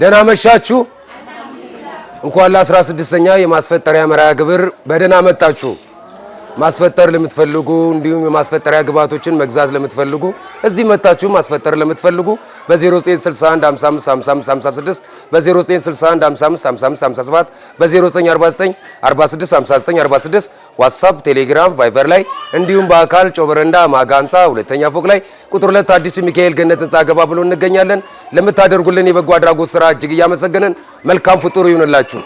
ደህና መሻችሁ። እንኳን 16 ስድስተኛ የማስፈጠሪያ መርሃ ግብር በደህና መጣችሁ። ማስፈጠር ለምትፈልጉ እንዲሁም የማስፈጠሪያ ግብዓቶችን መግዛት ለምትፈልጉ እዚህ መታችሁ ማስፈጠር ለምትፈልጉ በ0961 555556 በ0961 555557 በ0949 ዋትሳፕ፣ ቴሌግራም፣ ቫይቨር ላይ እንዲሁም በአካል ጮበረንዳ ማጋ ህንፃ ሁለተኛ ፎቅ ላይ ቁጥር ሁለት አዲሱ ሚካኤል ገነት ህንፃ ገባ ብሎ እንገኛለን። ለምታደርጉልን የበጎ አድራጎት ስራ እጅግ እያመሰገንን መልካም ፍጡር ይሁንላችሁ።